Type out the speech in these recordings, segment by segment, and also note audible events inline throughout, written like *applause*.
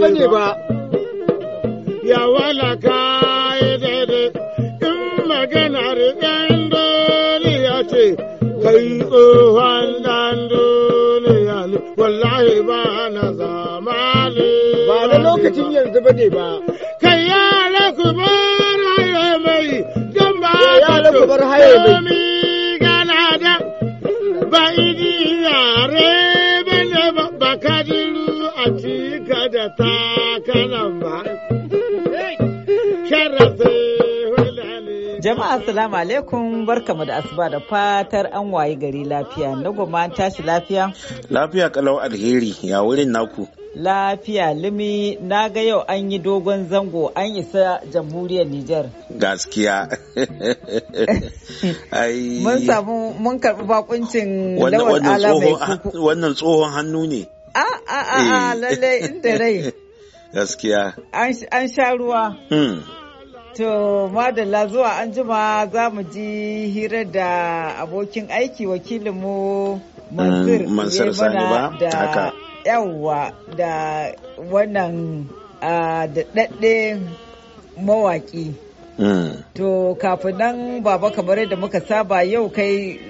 bane ba ya walaka ya daidai in magana ɗan dole ya ce kai tsohon ɗan dole ya ne wallahi ba na zamani ba da lokacin yanzu bane ba kai yara ku bar haye mai don ba yara ku bar haye mai gana da ba idi yare Jama'a assalamu alaikum barkamu da asuba da fatar an waye gari lafiya na goma tashi lafiya. Lafiya kalau alheri ya wurin naku. Lafiya limi na ga yau an yi dogon zango an isa jamhuriyar Nijar. Gaskiya. *laughs* Mun samu mun karɓi bakuncin lawan alamai. Wannan tsohon hannu ne. A a a eh. lallai inda rai. *laughs* Gaskiya. An sha ruwa. Hmm. To madalla zuwa an jima za mu ji hira da abokin aiki wakilinmu Mansur Mansur Sani ba haka. Yawwa da wannan da mawaƙi. Mm. To kafin nan baba kamar yadda muka saba yau kai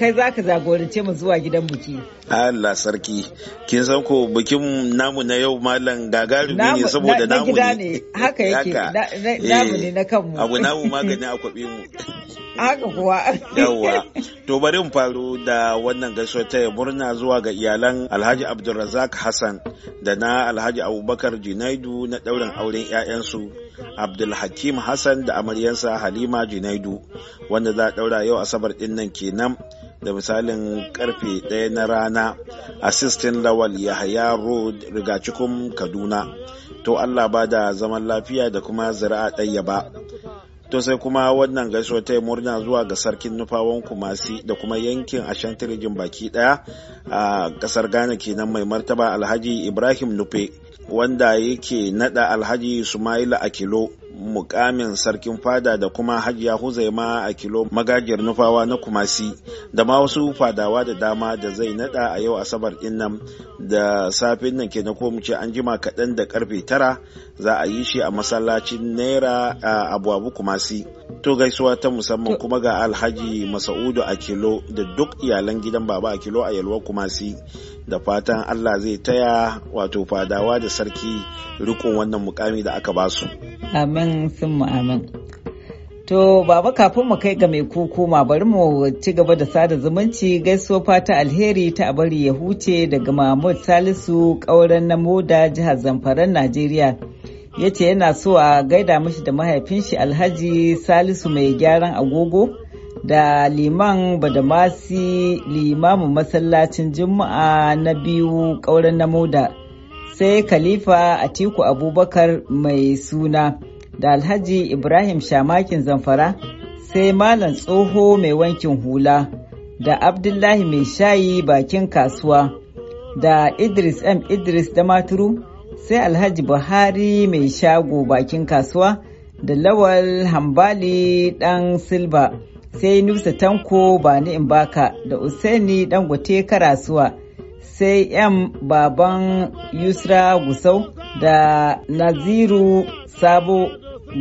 kai za ka zagorance mu zuwa gidan buki. Allah sarki, kin san ko bikin namu na yau malam gagarumi ne saboda namu ne. Haka yake, namu ne eh, na kanmu. Abu namu magani a kwaɓe mu. Haka kuwa. Yawwa, to bari mu faru da wannan gaisuwa ta murna zuwa ga iyalan Alhaji Abdulrazak Hassan da na Alhaji Abubakar Junaidu na ɗaurin auren 'ya'yansu. abdulhakim hassan da amaryansa halima junaidu wanda za a daura yau asabar ɗin nan kenan da misalin karfe ɗaya na rana a sistin lawal yahaya road rigacikun kaduna to allah ba da zaman lafiya da kuma zira'a ɗaya ba to sai kuma wannan gaisuwa ta murna zuwa ga sarkin nufawan kumasi da kuma yankin ashantirijin baki ɗaya a ƙasar ghana kenan mai martaba alhaji ibrahim nufe wanda yake nada alhaji Sumaila Akilo mukamin sarkin fada da kuma hajiya huzaima a kilo magajiyar nufawa na kumasi da ma wasu fadawa da dama da zai nada a yau asabar din nan da safin nan ke na ko ce an jima kaɗan da karfe tara za a yi shi a masallacin naira a abuabu kumasi to gaisuwa ta musamman kuma ga alhaji masa'udu a kilo da duk iyalan gidan baba a kilo a yalwa kumasi da fatan allah zai taya wato fadawa da sarki rikon wannan mukami da aka basu. Amen. nan sun amin. To, baba kafin mu kai ga mai kukuma bari mu ci gaba da sada zumunci gaisuwa fata alheri ta bari ya huce daga Mahmud Salisu ƙauren na moda jihar Zamfaran Najeriya. Ya ce yana so a gaida mashi da mahaifin shi Alhaji Salisu mai gyaran agogo da liman Badamasi limamin masallacin Juma'a na biyu ƙauren na moda. Sai Khalifa Atiku Abubakar mai suna. da Alhaji Ibrahim Shamakin Zamfara sai Malam Tsoho mai wankin hula da Abdullahi mai shayi bakin kasuwa da Idris M. Idris da maturu sai Alhaji Buhari mai shago bakin kasuwa da Lawal Hambali ɗan Silba sai Nusa Tanko Bani baka da Usaini gote Karasuwa sai yan Baban Yusra Gusau da Naziru Sabo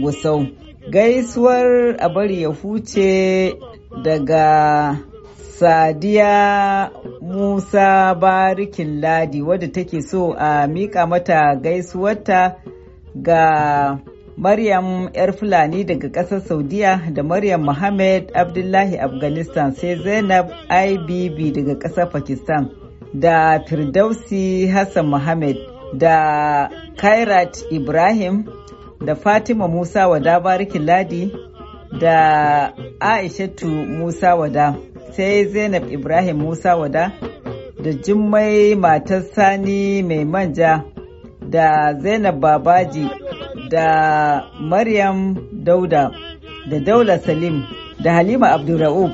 Gusau. Gaisuwar a bari ya huce daga Sadiya Musa Barikin Ladi wadda take so a mika mata gaisuwarta ga Maryam 'yar Fulani daga ƙasar Saudiya da Maryam Muhammad Abdullahi Afghanistan sai Zainab IBB daga ƙasar Pakistan da Firdausi Hassan Muhammad da Kairat Ibrahim da Fatima Musa Wada Barikin Ladi da Aishatu Musa Wada sai Zainab Ibrahim Musa Wada da Jummai matar Sani mai manja da Zainab Babaji da Maryam Dauda da Daula Salim da Halima Abdurra'u,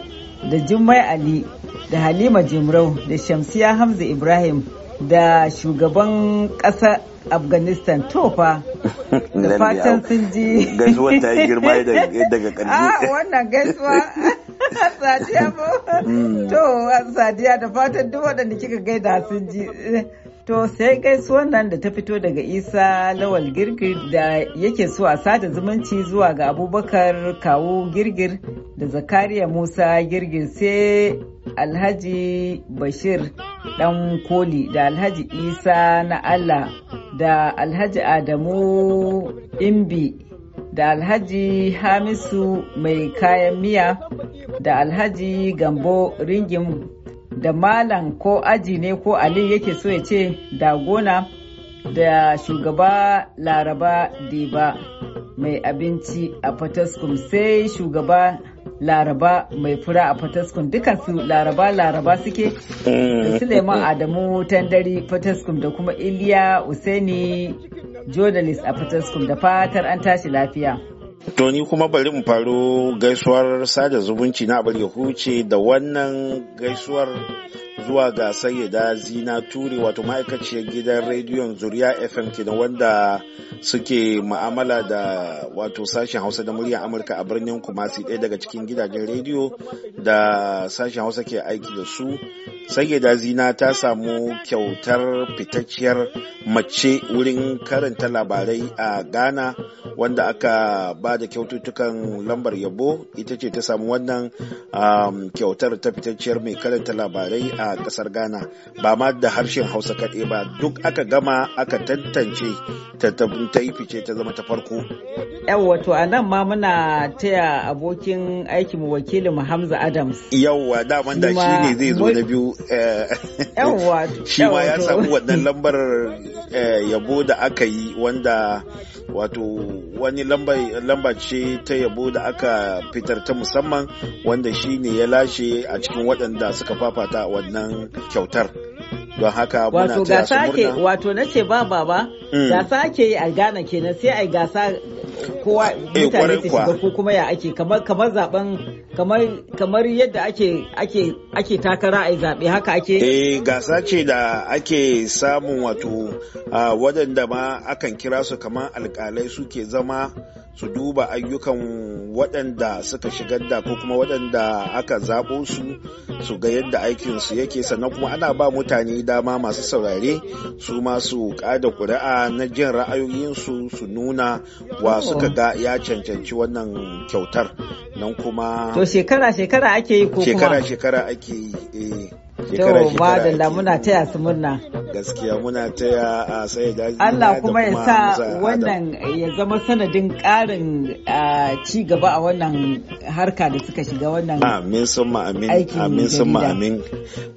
da Jummai Ali da Halima Jimrau da Shamsiya Hamza Ibrahim da shugaban ƙasa afghanistan tofa *laughs* da fatan sun ji *laughs* gaisuwar ta yi girma daga *laughs* A ah, wannan gaisuwa sadiya mm. to sadiya da fatan duk waɗanda kika gaida sun ji To sai gaisuwan nan da ta fito daga Isa Lawal Girgir da yake so a sada zumunci zuwa ga Abubakar Kawo Girgir da zakariya musa girgin sai alhaji bashir dan koli da alhaji isa na allah da alhaji adamu imbi da alhaji hamisu mai kayan miya da alhaji gambo ringin da malam ko aji ne ko ali yake so ya ce da gona da shugaba laraba diba mai abinci a fataskum sai shugaba laraba mai fura a fataskun dukansu laraba laraba suke mm. suleiman adamu tandari fataskun da kuma iliya usaini journalist a fataskun da fatar an tashi lafiya To kuma bari mu faru gaisuwar sada zumunci na abar huce da wannan gaisuwar zuwa ga sayyida zina ture wato ma'aikaciyar gidan rediyon zuriya fm kenan wanda suke ma'amala da wato sashen hausa da muryar amurka a birnin kumasi ɗaya daga cikin gidajen rediyo da sashen hausa ke aiki da su sayyida zina ta samu kyautar fitacciyar mace wurin karanta labarai a ghana wanda aka ba ba da kyaututtukan lambar yabo ita ce ta samu wannan um, kyautar ta fitacciyar mai kalanta labarai a kasar ghana ba ma da harshen hausa kaɗai ba duk aka gama aka tantance ta fice ta zama ta farko yawwa to a nan ma muna taya abokin mu wakilin hamza adams yawwa daman da shi ne zai zo na biyu eh, yawwa *laughs* shi ma ya samu wannan lambar eh, yabo da aka yi wanda wato wani lambace ta yabo da aka fitar ta musamman wanda shi ne ya lashe a cikin waɗanda suka fafata wannan kyautar don haka wato gasa ake wato na ce ba ba ba mm. gasa ake yi a Ghana kenan sai ai gasa kowa eh, mutane su shiga ko kuma ya ake kamar kamar zaben kamar kamar yadda ake ake ake takara ai zabe haka ake eh gasa ce da ake samun wato a ah, wadanda ma akan kira su kamar alkalai suke zama su duba ayyukan waɗanda suka shigar da ko kuma waɗanda aka zaɓo su su ga yadda aikinsu yake sannan kuma ana ba mutane dama masu saurare su masu ƙada ƙuri'a na jin ra'ayoyinsu su nuna wa suka ga ya cancanci wannan kyautar nan kuma to shekara shekara ake yi ko kuma shekara shekara ake yi eh. shekara da muna ta yasu murna gaskiya muna taya a sai da Allah kuma ya sa wannan ya zama sanadin karin ci gaba a wannan harka da suka shiga wannan amin summa amin amin summa amin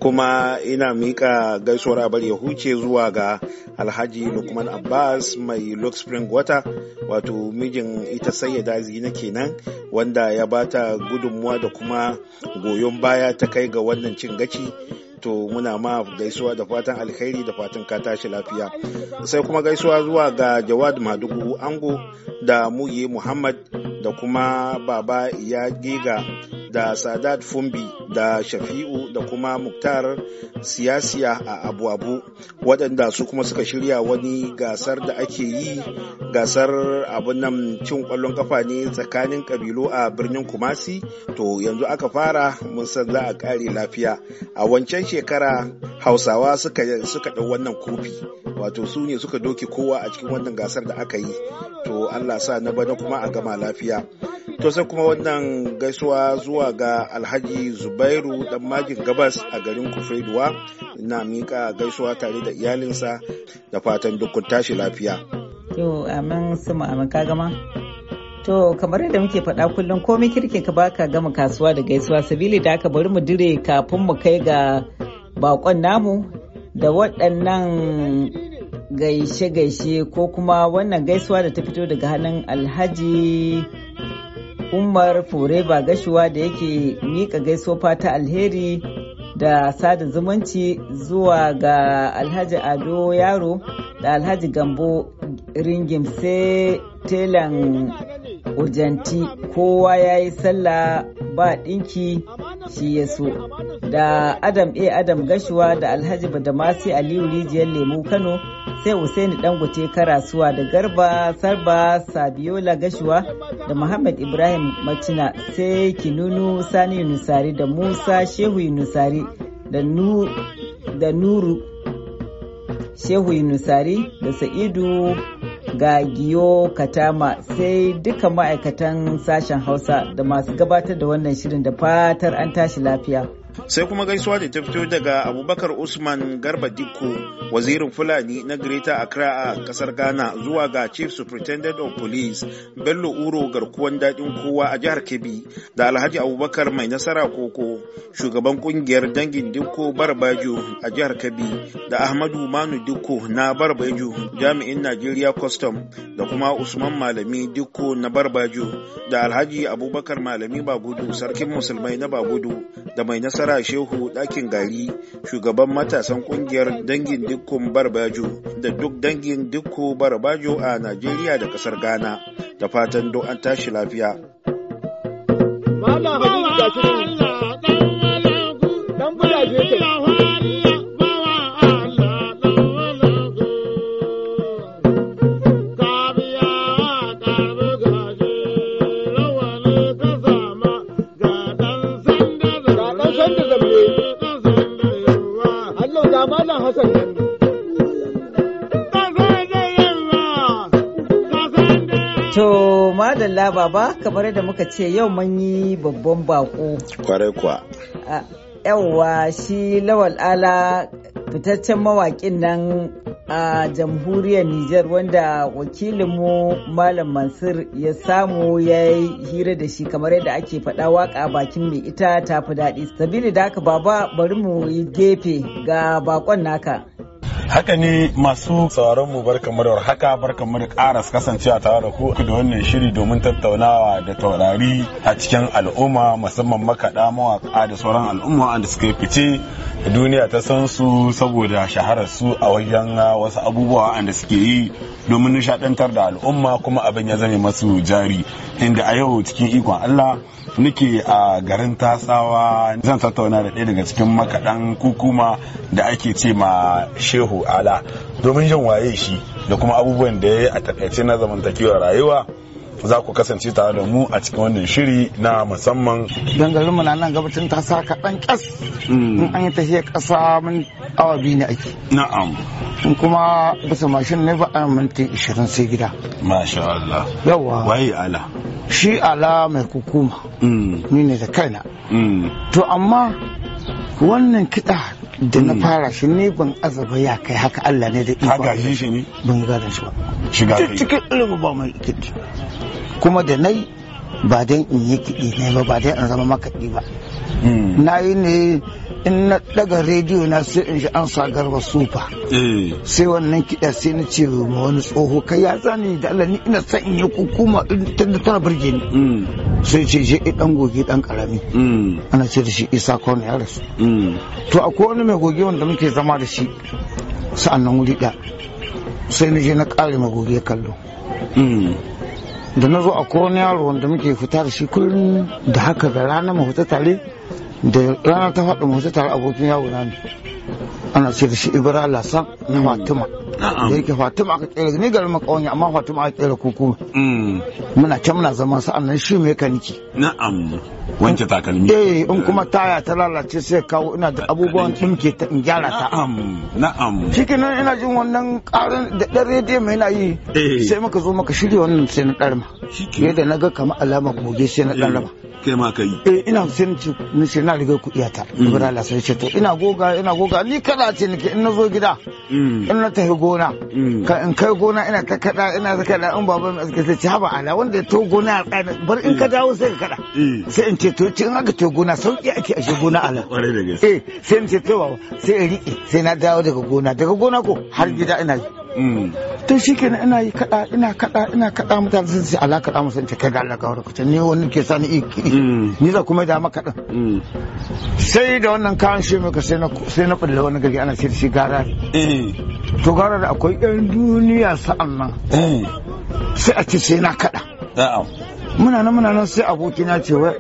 kuma ina mika gaisuwar abar ya huce zuwa ga Alhaji Lukman Abbas mai Lux Spring Water wato mijin ita sayyada zina kenan wanda ya bata gudunmuwa da kuma goyon baya ta kai ga wannan cin gaci to muna ma gaisuwa da fatan alkhairi da fatan ka tashi lafiya sai kuma gaisuwa zuwa ga jawad madugu ango da muyi muhammad da kuma baba ya giga da sadat fumbi da shafi'u da kuma muktar siyasiya a abu-abu waɗanda su kuma suka shirya wani gasar da ake yi gasar abin nan cin ƙwallon kafa ne tsakanin ƙabilu a birnin kumasi to yanzu aka fara mun san za a ƙare lafiya a wancan shekara hausawa suka suka ɗau wannan kofi wato su ne suka doke kowa a cikin wannan gasar da aka yi to allah sa na bana kuma a gama lafiya to sai kuma wannan gaisuwa zuwa ga alhaji zubairu dan magin gabas a garin Kufaiduwa na mika gaisuwa tare da iyalinsa da fatan dukkan tashi lafiya to amin su amin ka gama To kamar yadda muke faɗa kullum komai kirkin ka baka gama kasuwa da gaisuwa sabili da aka bari mu dire kafin mu kai ga bakon namu da waɗannan gaishe-gaishe ko kuma wannan gaisuwa da ta fito daga hannun alhaji umar ba gashuwa da yake miƙa gaisuwa ta alheri da sada zumunci zuwa ga alhaji ado yaro da alhaji gambo ringim sai telan ojanti kowa ya yi sallah ba ɗinki shi ya so da Adam A. Adam Gashuwa da Alhaji Badamasi Aliyu Rijiyar Lemu Kano sai Usaini Dangote Karasuwa da Garba Sarba Sabiola Gashuwa da Muhammad Ibrahim Macina sai Kinunu Sani Yunusari da Musa Shehu Yunusari da, Nuru Shehu Yunusari da Sa'idu ga Giyo Katama sai duka ma'aikatan sashen Hausa da masu gabatar da wannan shirin da fatar an tashi lafiya. sai kuma gaisuwa da ta fito daga abubakar usman garba dikko wazirin fulani na greater accra a kasar ghana zuwa ga chief superintendent of police bello uro garkuwan daɗin kowa a jihar kebbi da alhaji abubakar mai nasara koko shugaban kungiyar dangin dikko barbajo a jihar kebbi da ahmadu manu dikko na barbajo jami'in nigeria custom da kuma usman malami dikko na barbajo da alhaji abubakar malami bagudu sarkin musulmai na bagudu da mai nasara nasara shehu ɗakin gari shugaban matasan ƙungiyar dangin dukkan barbajo da duk dangin dukku barbajo a najeriya da ƙasar ghana da fatan do an tashi lafiya. madalla baba kamar da muka ce yau mun yi babban bako. Kwarai kuwa. Yawwa shi lawal ala fitaccen mawaƙin nan a jamhuriyar Nijar wanda wakilinmu Malam Mansur ya samu ya yi hira da shi kamar yadda ake faɗa waƙa bakin mai ita tafi daɗi. Sabili da haka baba bari mu yi gefe ga bakon naka. haka ne masu sauraron mu bar da haka bar kamar karas kasancewa tare da ku da wannan shiri domin tattaunawa da taurari a cikin al'umma musamman makaɗa mawaƙa da sauran al'umma da suka fice duniya ta san su saboda shaharar su a wajen ah, wasu abubuwa da suke yi domin nishaɗantar da al'umma kuma abin ya zame masu jari inda a yau cikin ikon Allah nike a garin tasawa zan tattauna da ɗaya daga cikin makaɗan kukuma da ake ce ma shehu ala domin jin waye shi da kuma abubuwan da ya yi a takaice na zamantakewar rayuwa za ku kasance tare da mu a cikin wannan shiri na musamman dangarinmu na nan gabacin ta sa kaɗan ƙas hmm. in an yi tafiyar ƙasa mun awa biyu ne ake na'am in kuma bisa mashin ne ba a minti ishirin sai gida masha Allah yawa waye ala shi ala mai hukuma hmm. ni ne da kaina hmm. to amma wannan kiɗa da na fara shi ne ban azaba ya kai haka Allah ne da ikon ban gane shi ba shiga cikin ilimin ba mai kiɗi kuma da nai ba don in yi kiɗi ne ba ba don in zama makaɗi ba hmm. na yi ne in na daga rediyo na sai in shi an sa garba sufa eh. sai wannan kiɗa sai na ce ma wani tsoho kai ya zani da Allah ni ina san in yi kukuma tana burge ni hmm. sai ce je dan goge dan karami hmm. ana ce da shi isa kwan ya rasu to akwai wani mai goge wanda muke zama da shi nan wuri ɗaya sai na je na ƙare magoge kallo da na zo a koron yaro wanda muke fita da shi kullum da haka da rana mu fita tare da rana ta faɗa mu fita tare abokin yawo na ana ce da shi ibra lasan na matuma da yake fatima aka kera ni garin makawanya amma fatima aka kera kuku mm. muna can muna zaman sa'annan shi mai kaniki na'am wanke takalmi eh in kuma taya ta lalace sai kawo ina da abubuwan ke ta in gyara ta na'am na'am nan ina jin wannan karin da dan rediyo mai na yi eh. sai muka zo muka shirya wannan sai na darma shikenan da naga kamar alama goge sai na darma eh, kai ma kai eh ina sai ni ni sai na riga ku iyata ibrahim mm. sai ce ina goga ina goga ni kada ce nake in na zo gida mm. in na tafi goga gona mm. in kai gona ina ta kada ina ta kada in baba mai suka ci haba ala wanda ya to gona a tsani bar in ka mm. dawo sai ka kada mm. sai in ce to in aka to gona sauki ake a shi gona ala eh sai in ce to baba sai in riƙe sai na dawo daga gona daga gona ko har gida ina yi Mm. Tun shi kenan ina yi kada ina kada ina kada mutane sun ce alaka kada musan ce kai da Allah ka warkace wani ke sani iki ni da mm. kuma da maka din mm. sai da wannan k'an shi muka sai na sai na fadda wani gari ana ce shi gara eh. to gara da akwai yan duniya sa'an nan eh. sai a ce sai na kada muna nan muna nan sai abokina ce wai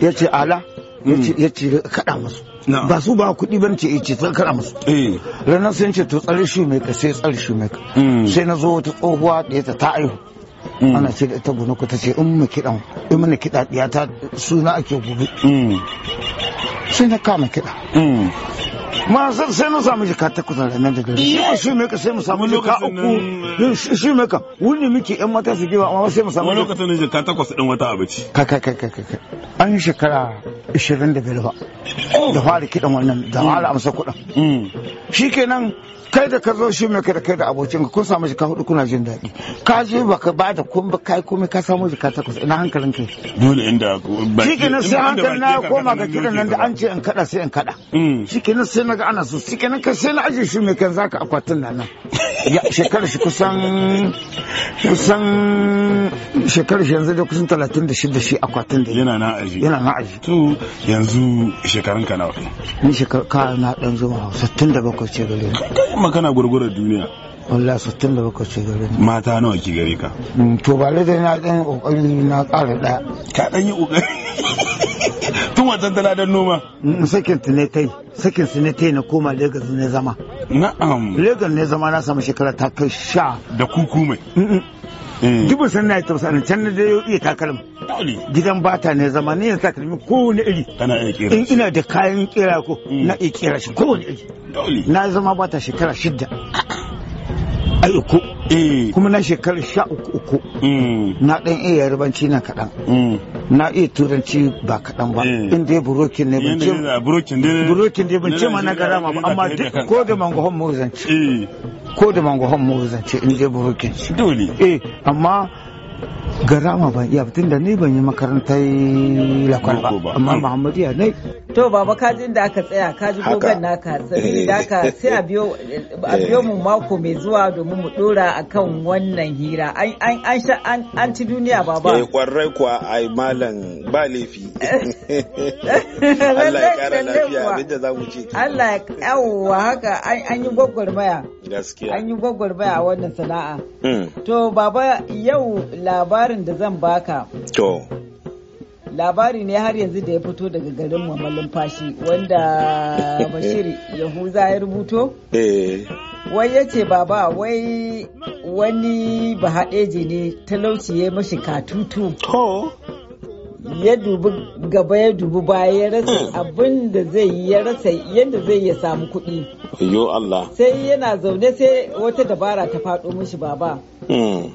ya ce ala Hmm. ya ce kaɗa musu ba su ba kuɗi ban ce ce ta kaɗa masu. Eh. ranar sai ce to tsare shi mai ka sai tsare shi mai ka hmm. sai na zo wata tsohuwa da ɗaya ta aihu hmm. ana ce da ita gona ta ce in mu kiɗan in mana kiɗa ɗiya ta suna ake gobe sai na kama kiɗa ma sai mun samu jika takwas da nan da dare shi shi ka sai mu samu jika uku shi ka wuni muke yan mata su amma sai samu wata ka ka ka ka an shekara 25 ba da fara kidan wannan da fara amsa kuɗin shikenan kai da ka zo shi mai kai da kai da abokin kun samu jika hudu kuna jin daɗi ka je ba ka ba da kun kai komai ka samu jika takwas ina hankalin kai dole inda ba shi kenan sai hankali na koma ga kiran nan da an ce in kada sai in kada mm. shi kenan sai naga ana so shi kenan kai sai na aje shi mai kan zaka akwatin nan nan shekarar shi kusan kusan shekarar shi yanzu da kusan talatin da shida shi akwatin da yana na aji yana na aji to yanzu shekarun ka nawa ni ka na dan zuwa 67 tun da bakwai ce gare ni musamman kana gurgurar duniya wallah tun da bakwai ce gare ni mata nawa ki gare ka mm, to ba da na dan kokari na ƙara ɗaya ka dan yi kokari *laughs* tun wancan tana dan noma mm, mm, sakin ne tai sakin su ne tai na koma Legas ne zama na'am Legas ne zama na samu shekara ta kai sha da kuku mai Mm. dubin san na ta sanin can da ya iya takalma gidan bata ne zama ne takalmi kowane iri kana iya kira in ina da kayan kera ko mm. na iya kera shi kowane iri na zama bata shekara shidda a uku eh. kuma na shekarar sha uku uku mm. na ɗan iya yarbanci na kaɗan na iya turanci ba kaɗan ba eh. in dai burokin ne ban ce burokin ne ban ma na garama ba amma ko da mangahon murzanci eh. ko da mangohon mu zance in je burkin dole eh amma garama ban iya tun da ni ban yi makarantar lakwal ba amma muhammadiya ne to baba kajin da aka tsaya kaji gogon naka eh. sai da ka sai a biyo mu mako mai zuwa domin mu dora akan wannan hira an ci duniya baba eh kwarai kwa ai malam ba laifi *laughs* Allah ya kara lafiya abin da zamu ce Allah ya yawwa haka an yi gwagwarmaya gaskiya an yi gwagwarmaya a wannan sana'a hmm. to baba yau labarin labarin da zan baka. To. Labari ne har yanzu da ya fito daga garin mamallin fashi wanda Bashir *laughs* Yahuza ya rubuto? Eh. Wai ya ce baba wai wani bahaɗeji ne talauci ya mashi katutu. ya dubi gaba ya dubi baya ya rasa hmm. abin da zai yi ya rasa yadda zai ya samu kuɗi. Sai yana zaune sai wata dabara ta faɗo mashi baba. Hmm.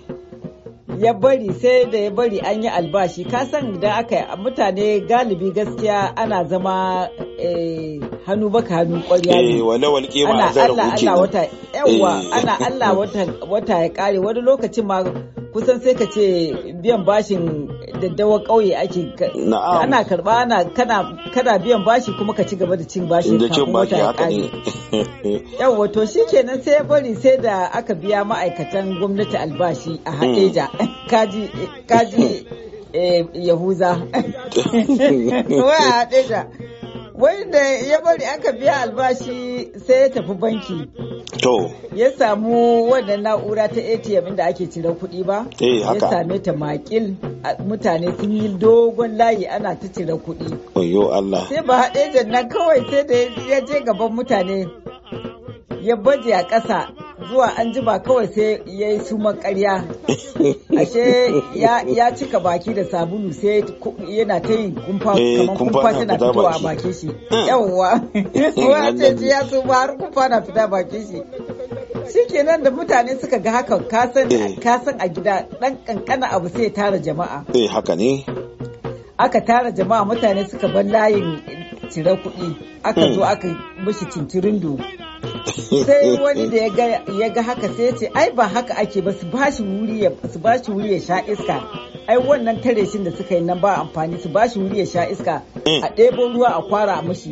ya bari sai da ya bari an yi albashi kasan da aka mutane galibi gaskiya ana zama eh, hannu baka hannu kwarya ne eh, wala walƙe eh. ana Allah wata ana Allah wata ya kare wani lokacin ma kusan sai ka ce biyan bashin daddawa ƙauye ake ana karba ana kana biyan bashi kuma ka ci gaba da cin bashi da cin bashi haka ne yawa to shikenan sai bari sai da aka biya ma'aikatan gwamnati albashi a hmm. hadeja *laughs* kaji kaji eh, yahuza *laughs* wai hadeja wai da ya bari aka biya albashi sai ya tafi banki to ya samu wannan na'ura ta atm da ake cire kuɗi ba eh, ya same ta makil mutane sun yi dogon layi ana ta cire kuɗi oyo allah sai ba haɗe nan kawai sai da ya je gaban mutane ya baje a ƙasa zuwa an ba kawai sai ya yi suman karya ashe ya cika baki da sabulu sai yana ta yin kumfa eh, kumfa tana fitowa a bakin shi *laughs* hmm. yawwa wa *laughs* ce ya ba har kumfa na fita bakin shi shikenan da mutane suka ga hakan kasan eh. a gida dan kankana abu sai tara jama'a eh haka ne aka tara jama'a mutane suka bar layin cire kuɗi aka hmm. zo aka mishi cincirindo sai wani da ya ga haka sai ce ai ba haka ake ba su ba shi wuri ya sha iska ai wannan tare shin da suka yi nan ba amfani su ba shi wuri ya sha iska mm. a ɗebo ruwa a kwara mushi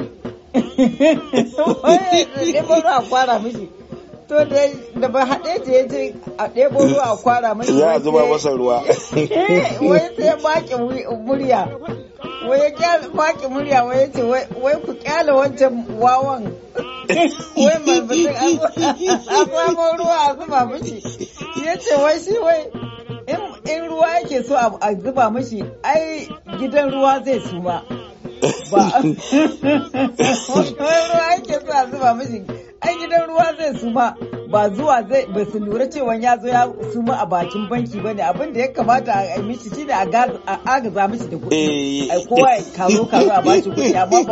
ɗebo ruwa a kwara mishi to da ba haɗe ta ya ce a ɗebo ruwa a kwara mushi ya zuba masa ruwa *laughs* eh, wai sai ya baƙi murya wai ya kwaki murya wai ya ce wai ku kyale wancan wawan *laughs* wai malbatun abuwa *laughs* ruwa a zuba mishi ya ce wai shi wai in ruwa yake so a zuba mishi ai gidan ruwa zai suma ba ruwa yake so a zuba mishi ai gidan ruwa zai suma ba zuwa zai ba su lura cewa ya zo ya suma a bakin banki bane abin da ya kamata a mishi ne a agaza mishi da kuɗi eh. ai kowa ya kazo kazo a bashi kuɗi a ba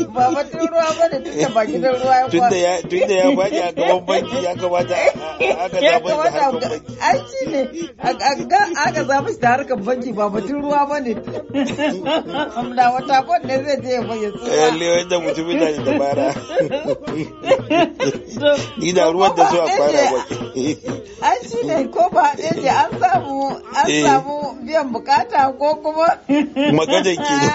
*laughs* ba batun ruwa bane tunda baki da ruwa ya tunda ya tunda ya bani a gaban banki ya kamata a agaza mishi da harkar banki ai ne a agaza mishi da harkar banki ba batun ruwa bane amma *laughs* wata kwan ne zai je ya bayyana eh, lalle wanda mutumin da ya tabara. *laughs* ni da ruwan da zuwa fara waje an shi ne ko ba ɗaya ce an samu an eh. samu biyan bukata ko kuma magajan ki ne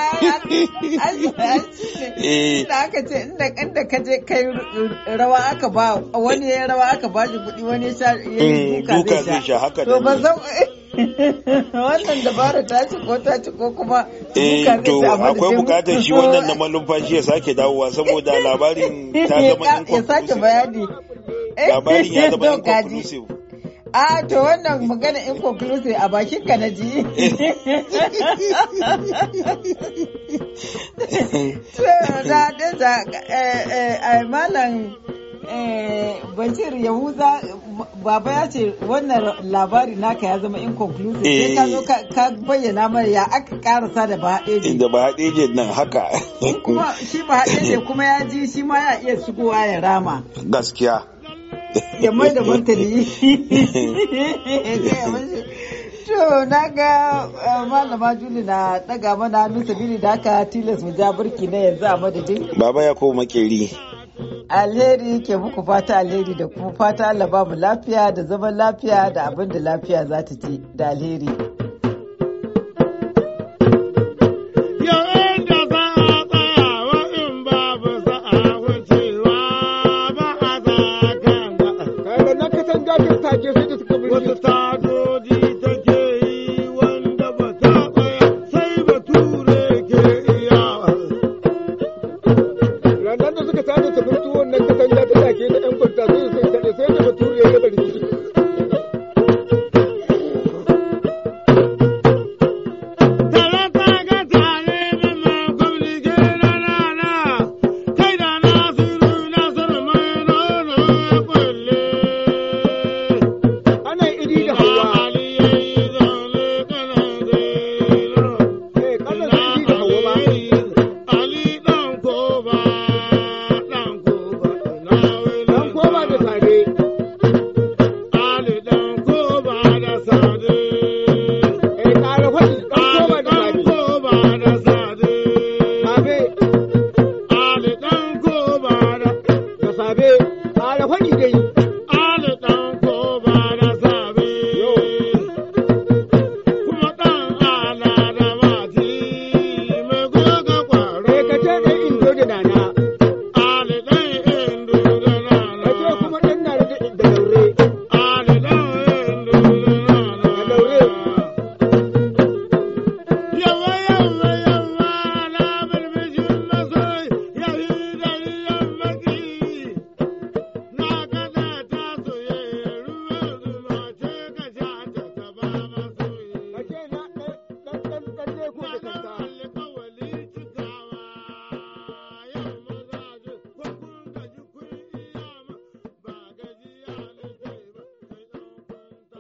eh. da aka ce inda inda ka je kai rawa aka ba wani ya rawa aka ba shi kuɗi wani ya yi eh, duka zai sha haka da ne wannan dabara ta ci ko ta ci ko kuma eh to akwai bukatar shi wannan na malumfashi ya sake dawowa saboda labarin *laughs* ta zama in ya sake bayani labarin ya zama *laughs* conclusive a to wannan magana conclusive a bakin ka na ji da *laughs* da eh, eh, eh, malam Eh, Bashir Yahuza baba ya ce wannan labari naka ya zama inconclusive sai ka zo eh. ka bayyana mana ya aka karasa da bahaɗeje. Eh, da bahaɗeje nan haka. Kuma shi bahaɗeje *laughs* kuma ya ji shi ma ya iya shigowa ya rama. Gaskiya. Ya mai da martani. *laughs* *laughs* To na ga malama Juli na daga mana hannu sabili da aka tilas mu ja burki na yanzu a madadin. Baba ya ko makeri. Alheri ke muku fata alheri da kuma fata Allah ba mu lafiya da zaman lafiya da abin da lafiya za ta ci da alheri. 政治の手売りがやっぱり